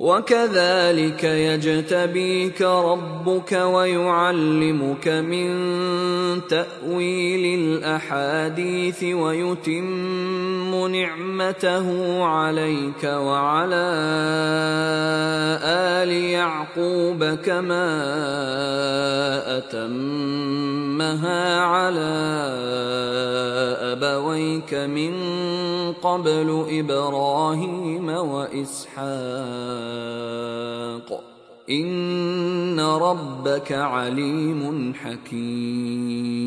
وكذلك يجتبيك ربك ويعلمك من تاويل الاحاديث ويتم نعمته عليك وعلى ال يعقوب كما اتمها على أبويك من قبل إبراهيم وإسحاق إن ربك عليم حكيم